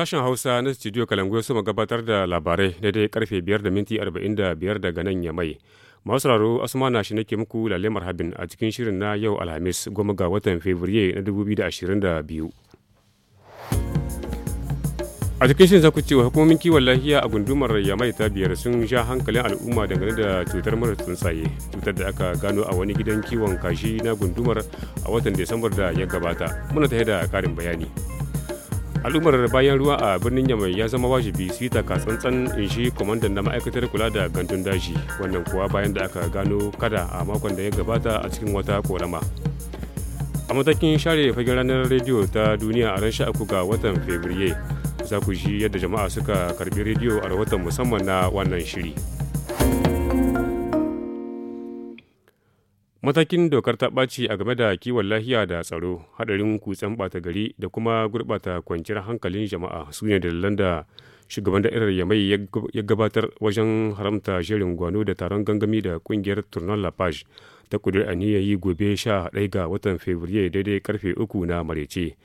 Sashen Hausa na Studio Kalangu su gabatar da labarai daidai karfe 5 da minti 45 daga nan ya mai. Masu raro Asmana shi nake muku lalle marhabin a cikin shirin na yau Alhamis goma ga watan Fabrairu na 2022. A cikin shirin za cewa hukumomin kiwon lafiya a gundumar Yamai ta biyar sun sha hankalin al'umma dangane da cutar mara tsuntsaye, cutar da aka gano a wani gidan kiwon kashi na gundumar a watan Disambar da ya gabata. Muna ta da karin bayani. al'ummar bayan ruwa a birnin yamai ya zama wajibi su yi tsantsan in shi kwamandan na ma'aikatar kula da gandun daji wannan kuwa bayan da aka gano kada a makon da ya gabata a cikin wata korama a matakin share fagen ranar rediyo ta duniya a ran sha'aku ga watan fabriye za ku ji yadda jama'a suka karbi rediyo a rahoton musamman na wannan shiri. Matakin dokar ta ɓaci a game da kiwon lafiya da tsaro, haɗarin kutsen ɓata gari da kuma gurɓata kwanciyar hankalin jama'a su ne dalilan da shugaban da'irar Yamai ya gabatar wajen haramta shirin gwano da taron gangami da ƙungiyar Tournon La Page ta kudur aniyar yi gobe sha ɗaya ga watan Fabrairu daidai karfe uku na marece.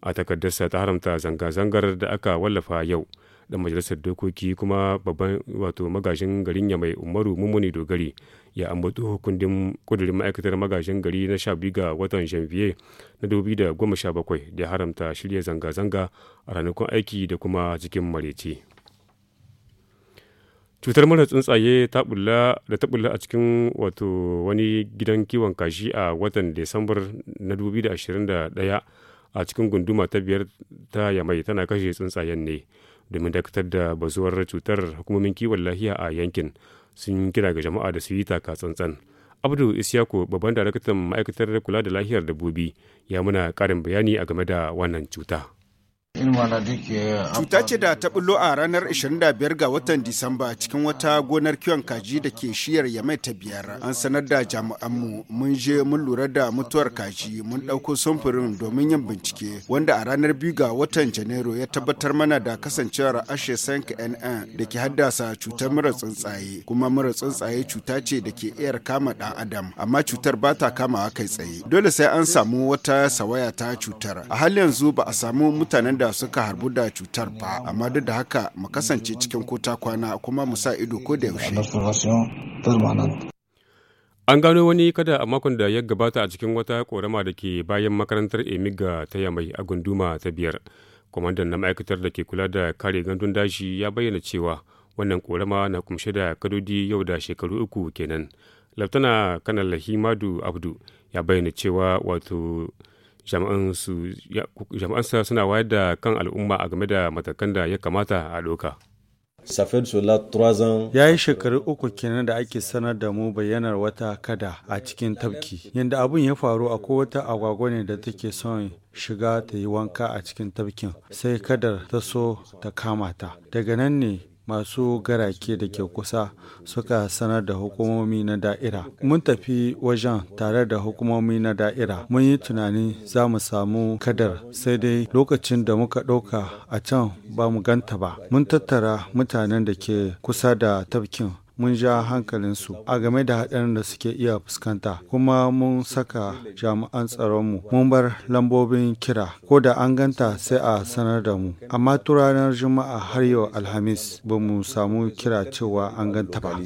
A takardarsa ta haramta zanga-zangar da aka wallafa yau. dan majalisar dokoki kuma babban wato magajin garin ya mai umaru mummuni dogari ya ambato kundin kudurin ma'aikatar magajin gari na sha biyu ga watan janvier na dubi da goma sha bakwai da haramta shirya zanga-zanga a ranakun aiki da kuma jikin mareci cutar mura tsuntsaye da ta bulla a cikin wato wani gidan kiwon kashi a watan desambar na 2021 a cikin gunduma ta biyar ta yamai tana kashe tsuntsayen ne domin dakatar da bazuwar cutar hukumomin kiwon lahiya a yankin sun kira ga jama'a da su yi taka tsantsan abdu isyako babban daraktan ma'aikatar kula da lahiyar dabbobi ya muna karin bayani a game da wannan cuta. Cuta ce da ta bullo a ranar 25 ga watan Disamba cikin wata gonar kiwon kaji da ke shiyar Yamai ta biyar. An sanar da jami'anmu mun je mun lura da mutuwar kaji mun ɗauko samfurin domin yin bincike wanda a ranar 2 ga watan Janairu ya tabbatar mana da kasancewar ashe sank NN da ke haddasa cutar mura tsuntsaye kuma mura tsuntsaye cuta ce da ke iyar kama ɗan adam amma cutar ba ta kamawa kai tsaye. Dole sai an samu wata sawaya ta cutar. A hal yanzu ba a samu mutanen da suka harbu da cutar ba amma duk da haka mu kasance cikin kota kwana kuma mu sa ido ko da yaushe an gano wani kada a makon da ya gabata a cikin wata korama da ke bayan makarantar emiga ta yamai a gunduma ta biyar kwamandan na ma'aikatar da ke kula da kare gandun dashi ya bayyana cewa wannan korama na kumshe da kadodi yau da shekaru uku kenan laftana kanal himadu abdu ya bayyana cewa wato jami'an sa suna wayar da kan al'umma a game da matakan da ya kamata a doka. Ya yi shekaru uku kenan da ake sanar da mu bayyanar wata kada a cikin tabki yanda abun ya faru akwai wata agwagwa ne da take son shiga ta yi wanka a cikin tafkin sai kadar ta so ta kama ta. Daga nan ne masu garake da ke kusa suka sanar da hukumomi na da'ira. Mun tafi wajen tare da hukumomi na da'ira. Mun yi tunani za mu samu kadar sai dai lokacin da muka ɗauka a can ba mu ganta ba. Mun tattara mutanen da ke kusa da tafkin mun ja hankalinsu a game da haɗarin da suke iya fuskanta kuma mun saka jami'an tsaronmu mun bar lambobin kira ko da an ganta sai a sanar da mu amma tu ranar juma'a har yau alhamis ba mu samu kira cewa an ganta ba.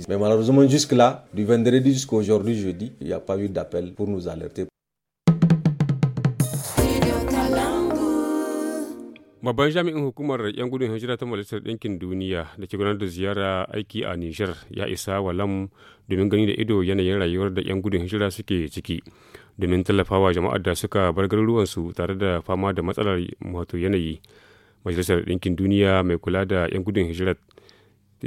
Babban jami'in hukumar yan gudun hijira ta Majalisar Ɗinkin Duniya da ke gudanar da ziyara aiki a Nijar ya isa wa lam domin gani da ido yanayin rayuwar da yan gudun hijira suke ciki domin tallafawa jama'ar da suka bar garuruwansu tare da fama da matsalar wato yanayi. Majalisar Ɗinkin Duniya mai kula da yan gudun hijira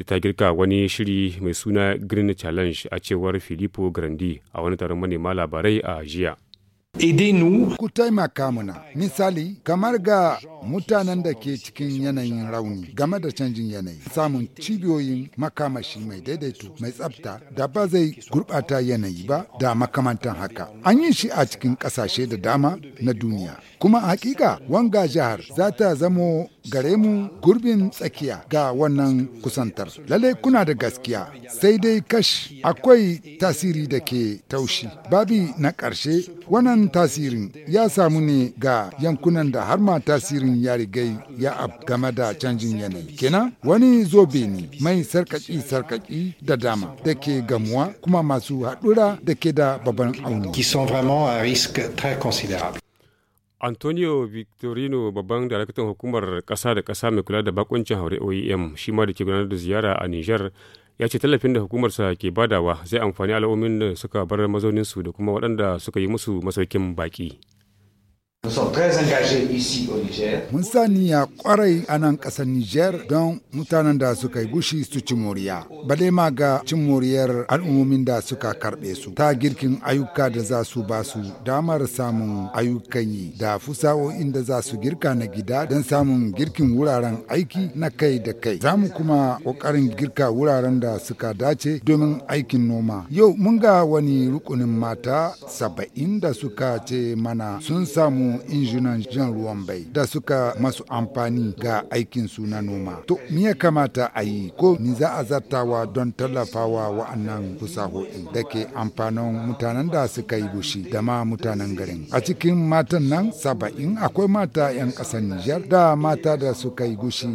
ta girka wani shiri mai suna Green Challenge a cewar Filippo Grandi a wani taron manema labarai a jiya. Idinu. Ku taimaka mana, misali, kamar ga mutanen da ke cikin yanayin rauni game da canjin yanayi, samun cibiyoyin makamashi mai daidaito mai tsafta da ba zai gurɓata yanayi ba da makamantan haka. An yi shi a cikin ƙasashe da dama na duniya. Kuma hakika wanga jihar za ta zamo gare mu gurbin tsakiya ga wannan kusantar. Lallai kuna da gaskiya, sai dai kash akwai tasiri da ke taushi. Babi na ƙarshe, wannan tasirin ya samu ne ga yankunan da har ma tasirin ya rigai ya ab game da canjin yanayi. Kenan wani zobe ne mai sarkaki sarkaki da dama da ke gamuwa kuma masu haɗura da ke da babban auni. antonio victorino babban daraktan hukumar kasa da kasa mai kula da bakuncin haure oem shi ma da ke gudanar da ziyara a niger ya ce tallafin da hukumarsa ke badawa zai amfani al'ummin da suka bar mazauninsu da kuma waɗanda suka yi musu masaukin baƙi. Mun saniya kwarai a nan ƙasar Nijar don mutanen da suka yi gushi su ci moriya, bale ma ga cin moriyar al'ummomin da suka karɓe su, ta girkin ayyuka da za su ba su damar samun ayyukan yi da fusa'o'in da za su girka na gida don samun girkin wuraren aiki na kai da kai. Za mu kuma ƙoƙarin girka wuraren da suka dace domin aikin noma. Yau mun ga wani rukunin mata saba'in da suka ce mana sun samu injinan injunan jan ruwan bai da suka masu amfani ga aikin su na noma. To me ya kamata a yi ko ni za a zartawa don tallafawa wa'annan fasahohi da ke amfanin mutanen da suka yi bushi da ma mutanen garin. A cikin matan nan saba'in akwai mata 'yan ƙasar Nijar da mata da suka yi gushi.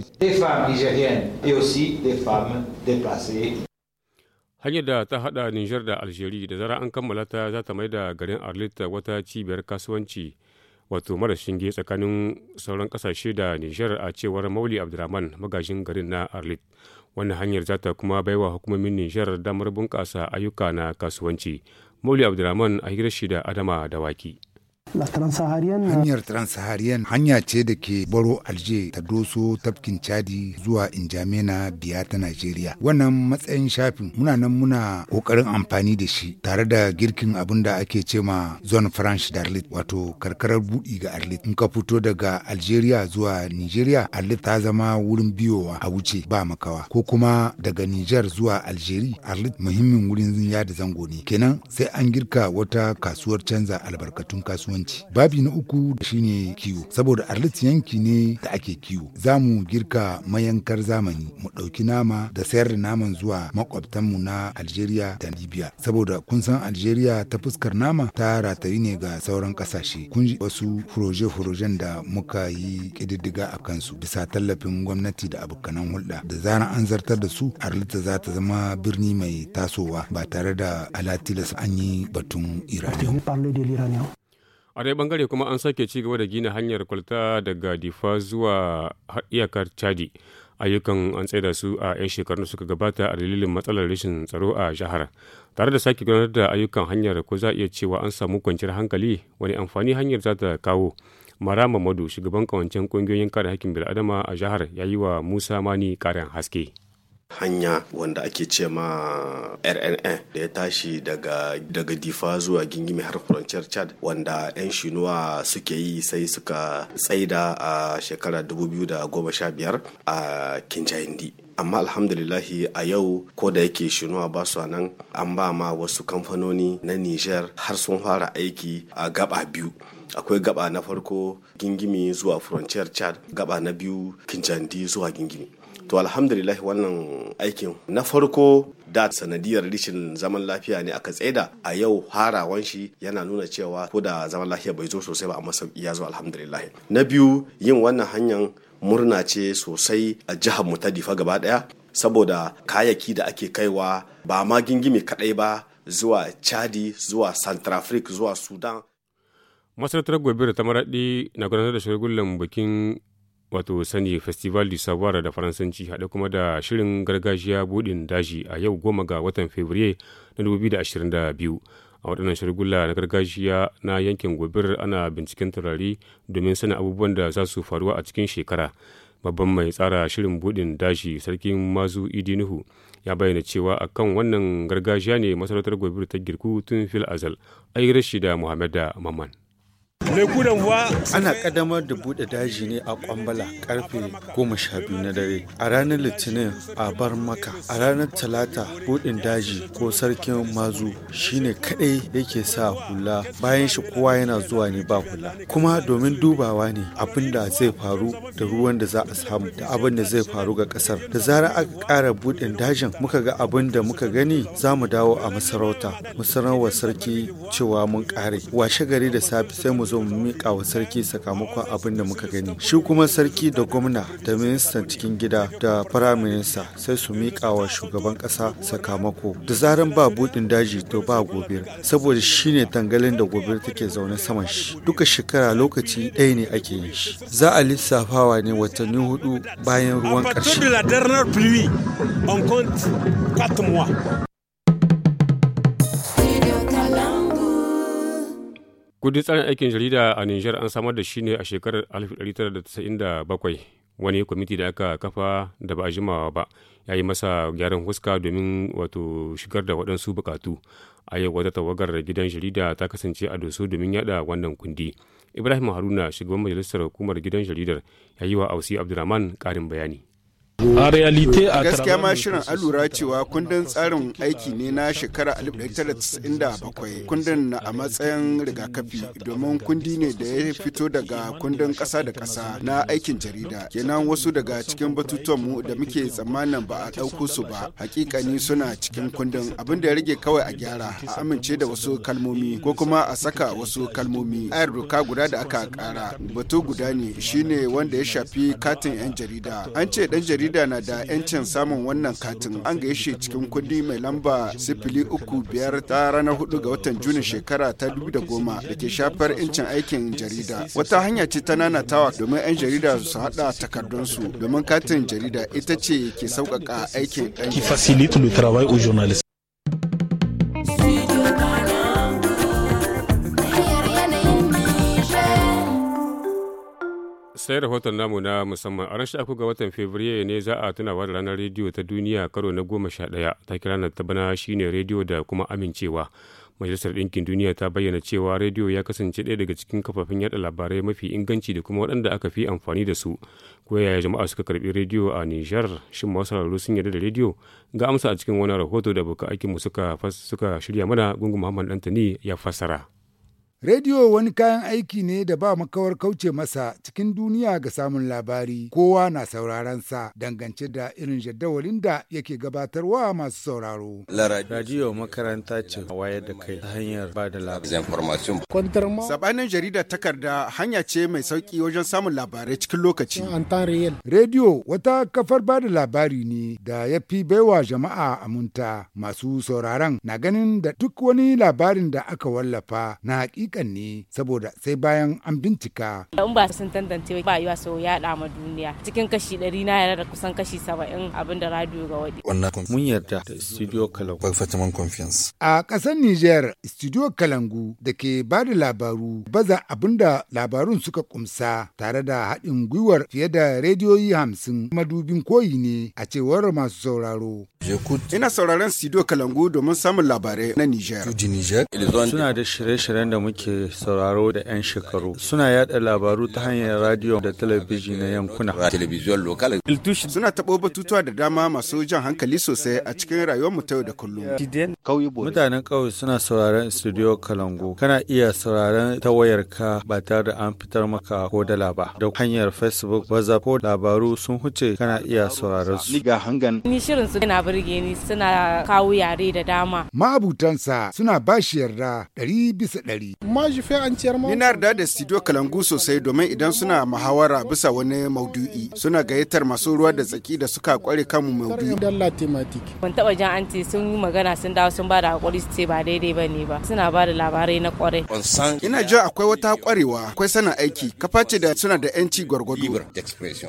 hanyar da ta hada Nijar da Algeria da zara an kammala ta za ta mai da garin Arlita wata cibiyar kasuwanci wato mara shinge tsakanin sauran kasashe da nijar a cewar mauli abdulrahman magajin garin na arlit wannan hanyar zata kuma baiwa hukumomin nijar damar bunƙasa ayyuka na kasuwanci mauli abdulrahman a hirar shi da adama da waki. Hanyar Transaharian hanya ce da ke baro Alje ta doso tafkin Chadi zuwa Injamena biya ta Najeriya. Wannan matsayin shafin muna nan muna kokarin amfani da shi tare da girkin abin da ake ce ma Zone French d'Arlit wato karkarar budi ga Arlit. In ka fito daga Algeria zuwa Nigeria Arlit ta zama wurin biyowa a wuce ba makawa ko kuma daga Niger zuwa Algeri, Arlit muhimmin wurin yada zango ne. Kenan sai an girka wata kasuwar canza albarkatun kasuwanci. abinci babi na uku shine kiwo saboda arlit yanki ne da ake kiwo za mu girka mayankar zamani mu ɗauki nama da sayar da naman zuwa makwabtanmu na algeria da libya saboda kun san algeria ta fuskar nama ta ratayi ne ga sauran ƙasashe kun ji wasu furoje-furojen da muka yi ƙididdiga a kansu bisa tallafin gwamnati da abokanan hulɗa da zaran an zartar da su arlita za ta zama birni mai tasowa ba tare da alatilas an yi batun iraniya a dai bangare kuma an sake ci da gina hanyar kwalta daga difa zuwa iyakar chadi ayyukan an tsaida su a 'yan shekarun da suka gabata a dalilin matsalar rashin tsaro a jihar tare da sake gudanar da ayyukan hanyar ko za a iya cewa an samu kwanciyar hankali wani amfani hanyar za ta kawo mara mamadu shugaban kawancen kungiyoyin kare hakkin bil'adama a jihar ya yi wa musa mani karen haske hanya wanda ake ce ma rna da ya tashi daga daga difa zuwa gingimi har frontier chad wanda 'yan shinuwa suke yi sai suka tsaida a shekara 2015 a kinjahindi amma alhamdulillahi a yau ko da yake shinuwa ba su nan an ba ma wasu kamfanoni na niger har sun fara aiki a gaba biyu akwai gaba na farko gingimi zuwa frontier chad gaba na biyu kinjandi zuwa gingimi to alhamdulillah wannan aikin na farko da sanadiyar rishin zaman lafiya ne aka tsaida a yau harawan shi yana nuna cewa ko da zaman lafiya bai zo sosai ba amma sauki ya zo alhamdulillah na biyu yin wannan hanyar murna ce sosai a jihar mu ta difa gaba daya saboda kayaki da ake kaiwa ba ma gingimi kadai ba zuwa chadi zuwa centrafrique zuwa sudan masarautar gobe da ta maraɗi na gudanar da shagulgulan bikin wato sani festival du savoir da faransanci haɗe kuma da shirin gargajiya buɗin daji a yau goma ga watan fevrier na 2022 a waɗannan shirgula na gargajiya na yankin gobir ana binciken turare domin sanin abubuwan da za su faruwa a cikin shekara babban mai tsara shirin buɗin daji sarkin mazu idinuhu ya bayyana cewa akan wannan gargajiya ne masarautar gobir ta girku tun fil azal ai rashi da muhammad da maman ana ƙaddamar da buɗe daji ne a kwambala karfe goma sha biyu na dare a ranar litinin a bar maka a ranar talata buɗin daji ko sarkin mazu shine kadai yake sa hula bayan shi kowa yana zuwa ne ba hula kuma domin dubawa ne abin da zai faru da ruwan da za a samu da abin da zai faru ga ƙasar da zarar aka ƙara buɗin dajin muka ga abin da muka gani za mu dawo a masarauta mu wa sarki cewa mun ƙare washe gari da safe sai mu zo mu miƙa wa sarki sakamakon abin da muka gani shi kuma sarki da gwamna da ministan cikin gida da firaminista sai su miƙa wa shugaban ƙasa sakamako da zaran ba buɗin daji to ba gobe saboda shine tangalin da gobe take zaune saman shi duka shekara lokaci ɗaya ne ake yin shi za a lissafawa ne watanni hudu bayan ruwan ƙarshe kudin tsarin aikin jarida a niger an samar da shi ne a shekarar 1997 wani kwamiti da aka kafa da ba a jimawa ba ya yi masa gyaran huska domin wato shigar da waɗansu bukatu a yau wata tawagar gidan jarida ta kasance a doso domin yada wannan kundi ibrahim haruna shugaban majalisar hukumar gidan jaridar ya yi wa ausi abdulrahman ƙarin bayani A realite a gaskiya ma shirin alura cewa kundin tsarin aiki ne na shekara 1997 kundin na a matsayin rigakafi domin kundi ne da ya fito daga kundin kasa da kasa na aikin jarida kenan wasu daga cikin batutuwanmu da muke tsammanin ba a ɗauko su ba hakikani suna cikin kundin abin da ya rage kawai a gyara a amince da wasu kalmomi ko kuma a saka wasu kalmomi ayar doka guda da aka kara batu guda ne shine wanda ya shafi katin 'yan jarida an ce dan jarida jarida na da 'yancin samun wannan katin an gaishe cikin kundi mai lamba sifili uku biyar ta ranar hudu ga watan Juni shekara ta dubu da goma da ke shafar 'yancin aikin jarida. Wata hanya ce ta nanatawa domin 'yan jarida su haɗa su domin katin jarida ita ce ke sauƙaƙa aikin ɗan. sai rahoton namu na musamman a ran ga watan fabrairu ne za a tunawa da ranar rediyo ta duniya karo na goma sha ɗaya ta kira na bana shine rediyo da kuma amincewa majalisar ɗinkin duniya ta bayyana cewa rediyo ya kasance ɗaya daga cikin kafafin yaɗa labarai mafi inganci da kuma waɗanda aka fi amfani da su ko yaya jama'a suka karɓi rediyo a nijar shin masu sauraro sun yarda da rediyo ga amsa a cikin wani rahoto da buka aikinmu suka suka shirya mana gungun muhammad dantani ya fassara Rediyo wani kayan aiki ne da ba makawar kauce masa cikin duniya ga samun labari kowa na sauraron sa dangance da irin jadawalin da yake gabatarwa masu sauraro. Radiyo makaranta ce wayar da kai ta hanyar ba da labari. Sabanin jarida takarda hanya ce mai sauki wajen samun labarai cikin lokaci. Rediyo wata kafar ba da labari ne da ya fi baiwa jama'a aminta masu sauraron na ganin da duk wani labarin da aka wallafa na hakika kan ne saboda sai bayan an bincika. In ba sun tantance ba yiwa so ya ma duniya cikin kashi ɗari na yana da kusan kashi saba'in abin da radio ga waɗi. Mun yarda da Studio Kalangu. A ƙasar Nijar Studio Kalangu da ke ba da labaru baza abin da labarun suka kumsa tare da haɗin gwiwar fiye da rediyoyi hamsin madubin koyi ne a cewar masu sauraro. Ina sauraron Studio Kalangu domin samun labarai na Nijar. Suna da shirye-shiryen da muke ke sauraro da 'yan shekaru suna yada labaru ta hanyar radio da talabijin na yankuna suna taɓo batutuwa da dama masu jan hankali sosai a cikin rayuwar ta yau da kullum mutanen ƙauye suna sauraron studio kalango kana iya sauraron ta wayarka ba tare da an fitar maka ko dala ba da hanyar facebook baza ko labaru sun huce kana iya sauraron su ni shirin su yana burge ni suna kawo yare da dama ma'abutansa suna bashi yarda ɗari bisa ɗari Ni na yarda da studio Kalangu sosai domin idan suna muhawara bisa wani maudu'i suna gayyatar masu ruwa da tsaki da suka kware kanmu maudu'i. Ban taba jan anti sun yi magana sun dawo sun ba da hakuri su ce ba daidai ba ne ba. Suna ba da labarai na kware. Ina jin akwai wata kwarewa akwai sana aiki kaface da suna da yanci gwargwado.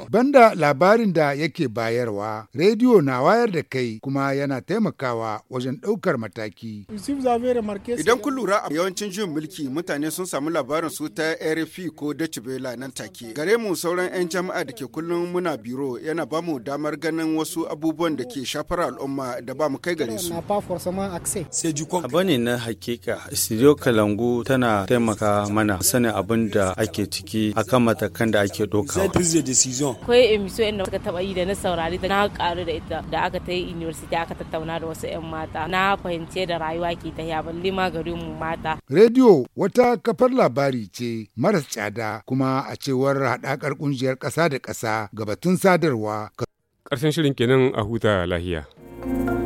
Banda labarin da yake bayarwa rediyo na wayar da kai kuma yana taimakawa wajen ɗaukar mataki. Idan kun lura a yawancin jin mulki mutane sun samu labarin su ta RFI ko Deutsche na nan take. Gare mu sauran 'yan jama'a da ke kullum muna biro yana ba mu damar ganin wasu abubuwan da ke shafar al'umma da ba mu kai gare su. Abu ne na hakika, Studio Kalangu tana taimaka mana sanin abin da ake ciki akan matakan da ake dokawa. Akwai emiso inda suka taba yi da na saurari da na karu da ita da aka ta yi university aka tattauna da wasu 'yan mata. Na fahimce da rayuwa ke ta ya balle ma mu mata. Rediyo Wata kafar labari ce maras tsada kuma a cewar haɗakar ƙungiyar ƙasa da ƙasa gabatun sadarwa. Ƙarshen shirin kenan a huta lahiya.